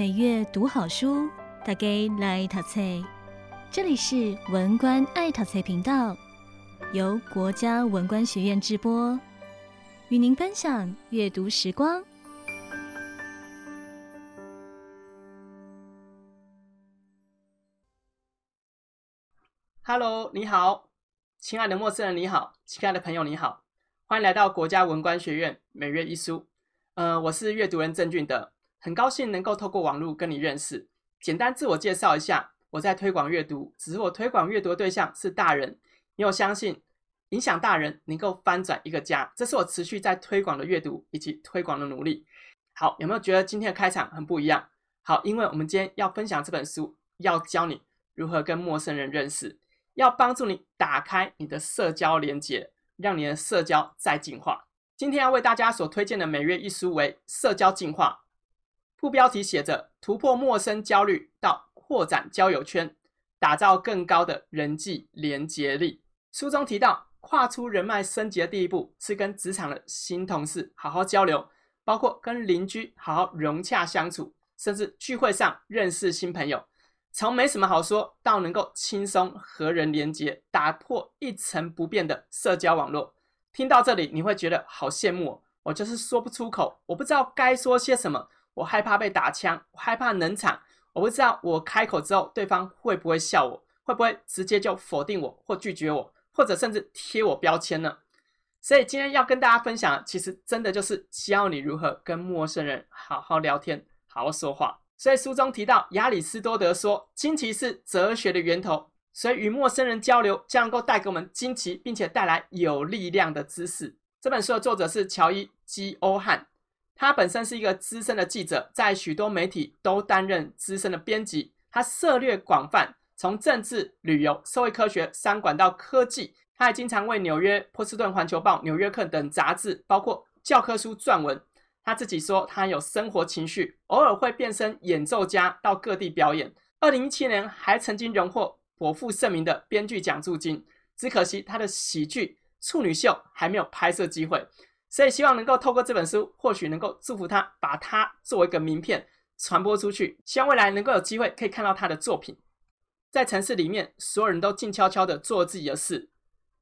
每月讀好書，大家來淘菜。這裡是文官愛淘菜頻道，由國家文官學院直播，與您分享閱讀時光。Hello，你好，親愛的陌生人，你好，親愛的朋友，你好，歡迎來到國家文官學院每月一書。呃，我是閱讀人鄭俊德。很高興能夠透過網絡跟你認識。簡單自我介紹一下，我在推廣閱讀，只是我推廣閱讀的對象是大人，因為我相信影響大人能夠翻轉一個家，這是我持續在推廣的閱讀以及推廣的努力。好，有沒有覺得今天的開場很不一樣？好，因為我們今天要分享這本書，要教你如何跟陌生人認識，要幫助你打開你的社交連結，讓你的社交再進化。今天要為大家所推薦的每月一書為《社交進化》。副標題寫着“突破陌生焦慮，到擴展交友圈，打造更高的人際連結力”。書中提到，跨出人脈升級的第一步是跟職場的新同事好好交流，包括跟鄰居好好融洽相處，甚至聚會上認識新朋友，從沒什麼好說到能夠輕鬆和人連結，打破一成不變的社交網絡。聽到這裡，你會覺得好羨慕哦，我就是說不出口，我不知道該說些什麼。我害怕被打槍，我害怕冷場，我不知道我開口之後對方會不會笑我，會不會直接就否定我或拒絕我，或者甚至貼我標籤呢？所以今天要跟大家分享的，其實真的就是教你如何跟陌生人好好聊天，好好說話。所以書中提到，亞里斯多德說，驚奇是哲學的源頭。所以與陌生人交流，將能夠帶給我們驚奇，並且帶來有力量的知識。這本書的作者是喬伊·基歐漢。他本身是一個資深的記者，在許多媒體都擔任資深的編輯。他涉獵廣泛，從政治、旅遊、社會科學，商管到科技。他還經常為紐約、波士頓環球報、紐約客等雜誌，包括教科書撰文。他自己說，他有生活情緒，偶爾會變身演奏家，到各地表演。二零一七年還曾經榮獲頗負盛名的編劇獎助金，只可惜他的喜劇《處女秀》還沒有拍攝機會。所以希望能夠透過這本書，或許能夠祝福他，把他作為一個名片傳播出去，希望未來能夠有機會可以看到他的作品。在城市裡面，所有人都靜悄悄地做自己的事，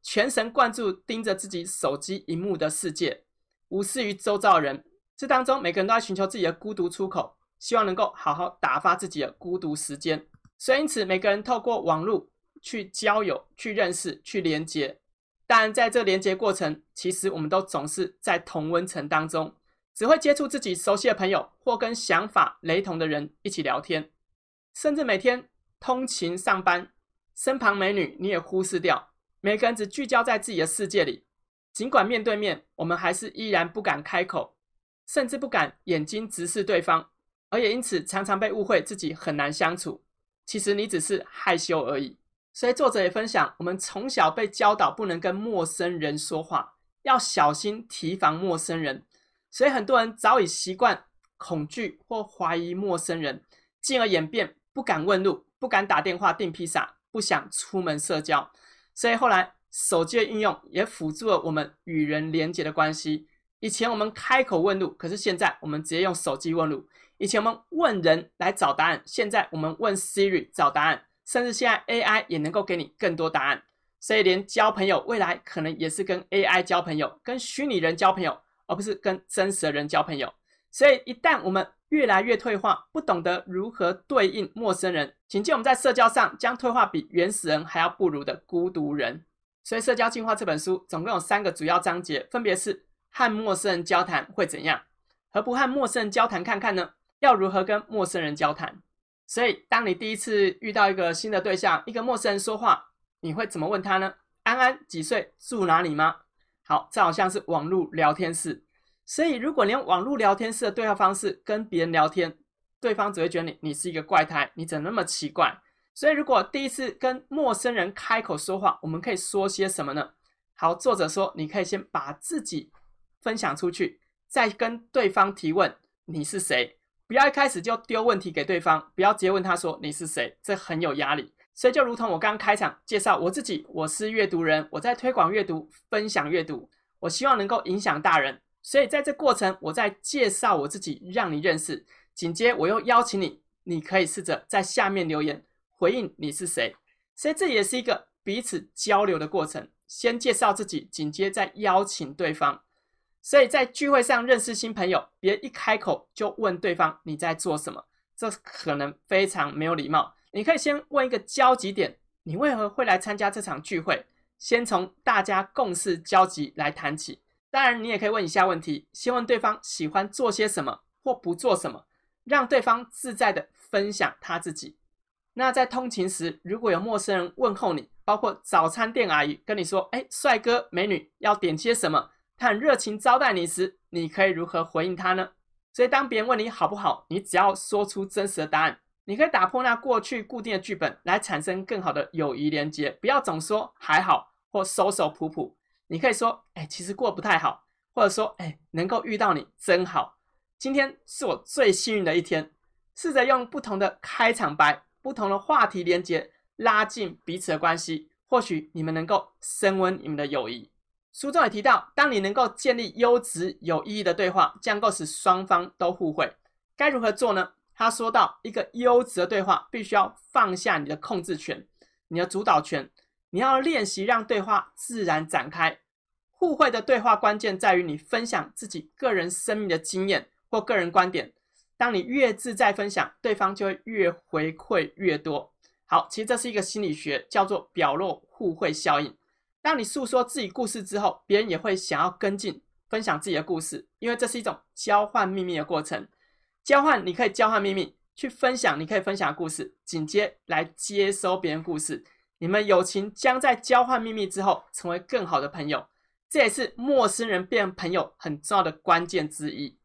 全神貫注盯着自己手機螢幕的世界，無視於周遭人。這當中，每個人都在尋求自己的孤獨出口，希望能夠好好打發自己的孤獨時間。所以，因此每個人透過網絡去交友、去認識、去連結。但在這連接過程，其實我們都總是在同溫層當中，只會接觸自己熟悉的朋友，或跟想法雷同的人一起聊天，甚至每天通勤上班，身旁美女你也忽視掉，每個人只聚焦在自己的世界裡。儘管面對面，我們還是依然不敢開口，甚至不敢眼睛直視對方，而也因此常常被誤會自己很難相處。其實你只是害羞而已。所以作者也分享，我們從小被教導不能跟陌生人說話，要小心提防陌生人。所以很多人早已習慣恐懼或懷疑陌生人，進而演變不敢問路、不敢打電話訂披薩、不想出門社交。所以後來手機的應用也輔助了我們與人連接的關係。以前我們開口問路，可是現在我們直接用手機問路。以前我們問人來找答案，現在我們問 Siri 找答案。甚至現在 AI 也能夠給你更多答案，所以連交朋友未來可能也是跟 AI 交朋友，跟虛擬人交朋友，而不是跟真實的人交朋友。所以一旦我們越來越退化，不懂得如何對應陌生人，請見我們在社交上將退化比原始人還要不如的孤獨人。所以《社交進化》這本書總共有三個主要章節，分別是和陌生人交談會怎樣，何不和陌生人交談看看呢？要如何跟陌生人交談？所以，當你第一次遇到一個新的對象，一個陌生人說話，你會怎麼問他呢？安安幾歲，住哪裡嗎？好，這好像是網絡聊天室。所以，如果你用網絡聊天室的對話方式跟別人聊天，對方只會覺得你你是一個怪胎，你怎麼那麼奇怪？所以，如果第一次跟陌生人開口說話，我們可以說些什麼呢？好，作者說，你可以先把自己分享出去，再跟對方提問，你是誰？不要一開始就丟問題給對方，不要直接問他說你是誰，這很有壓力。所以，就如同我剛開場介紹我自己，我是閱讀人，我在推廣閱讀、分享閱讀，我希望能夠影響大人。所以，在這過程，我在介紹我自己，讓你認識。緊接，我又邀請你，你可以試着在下面留言回應你是誰。所以，這也是一個彼此交流的過程。先介紹自己，緊接再邀請對方。所以，在聚會上認識新朋友，別一開口就問對方你在做什麼，這可能非常沒有禮貌。你可以先問一個交集點，你為何會來參加這場聚會？先從大家共事交集來談起。當然，你也可以問以下問題：先問對方喜歡做些什麼或不做什麼，讓對方自在地分享他自己。那在通勤時，如果有陌生人問候你，包括早餐店阿姨跟你說：“哎，帥哥美女，要點些什麼？”他很熱情招待你時，你可以如何回應他呢？所以當別人問你好不好，你只要說出真實的答案。你可以打破那過去固定的劇本來，產生更好的友誼連接。不要總說還好或收收普普，你可以說：“欸，其實過不太好。”或者說：“欸，能夠遇到你真好。今天是我最幸運的一天。”試着用不同的開場白、不同的話題連接，拉近彼此的關係。或許你們能夠升溫你們的友誼。書中也提到，當你能夠建立優質有意義的對話，這樣夠使雙方都互惠。該如何做呢？他說到，一個優質的對話必須要放下你的控制權、你的主導權，你要練習讓對話自然展開。互惠的對話關鍵在於你分享自己個人生命的經驗或個人觀點。當你越自在分享，對方就會越回饋越多。好，其實這是一個心理學，叫做表露互惠效應。當你訴說自己故事之後，別人也會想要跟進分享自己的故事，因為這是一種交換祕密的過程。交換，你可以交換祕密去分享，你可以分享故事，緊接來接收別人故事。你們友情將在交換祕密之後成為更好的朋友，這也是陌生人變朋友很重要的關鍵之一。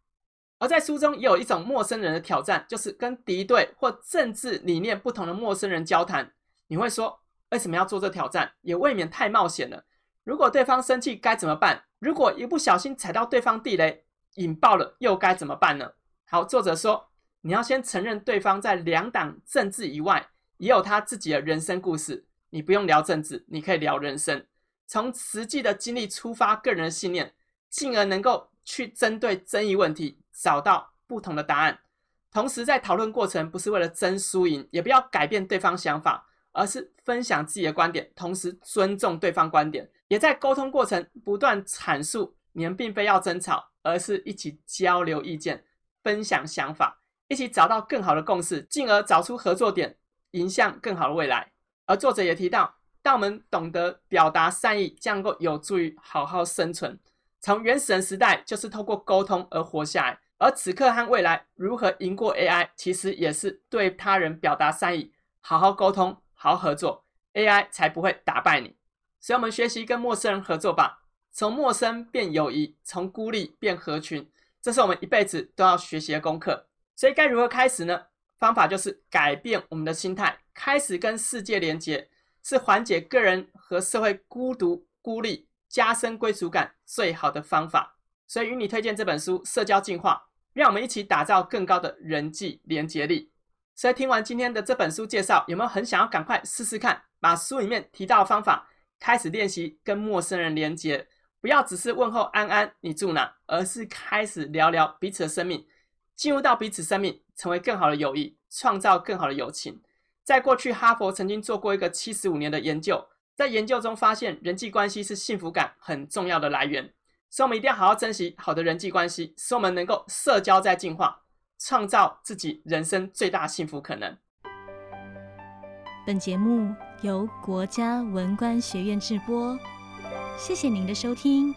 而在書中也有一種陌生人的挑戰，就是跟敵對或政治理念不同的陌生人交談，你會說。為什麼要做這挑戰？也未免太冒險了。如果對方生氣該怎麼辦？如果一不小心踩到對方地雷引爆了，又該怎麼辦呢？好，作者說，你要先承認對方在兩黨政治以外，也有他自己的人生故事。你不用聊政治，你可以聊人生，從實際的經歷出發，個人的信念，進而能夠去針對爭議問題找到不同的答案。同時，在討論過程不是為了爭輸贏，也不要改變對方想法。而是分享自己的觀點，同時尊重對方觀點，也在溝通過程不斷闡述。你們並非要爭吵，而是一起交流意見、分享想法，一起找到更好的共識，進而找出合作點，迎向更好的未來。而作者也提到，當我們懂得表達善意，將能夠有助於好好生存。從原始人時代就是透過溝通而活下來，而此刻和未來如何贏過 AI，其實也是對他人表達善意、好好溝通。好好合作，AI 才不會打敗你。所以，我們學習跟陌生人合作吧，從陌生變友誼，從孤立變合群，這是我們一輩子都要學習的功課。所以，該如何開始呢？方法就是改變我們的心態，開始跟世界連接，是緩解個人和社會孤獨、孤立，加深歸屬感最好的方法。所以，與你推薦這本書《社交進化》，讓我們一起打造更高的人際連接力。所以聽完今天的這本書介紹，有沒有很想要趕快試試看，把書裡面提到的方法開始練習跟陌生人連接？不要只是問候安安，你住哪？而是開始聊聊彼此的生命，進入到彼此生命，成為更好的友誼，創造更好的友情。在過去，哈佛曾經做過一個七十五年的研究，在研究中發現人際關係是幸福感很重要的來源。所以，我們一定要好好珍惜好的人際關係，使我們能夠社交再進化。創造自己人生最大幸福可能。本節目由國家文官學院製播，謝謝您的收聽。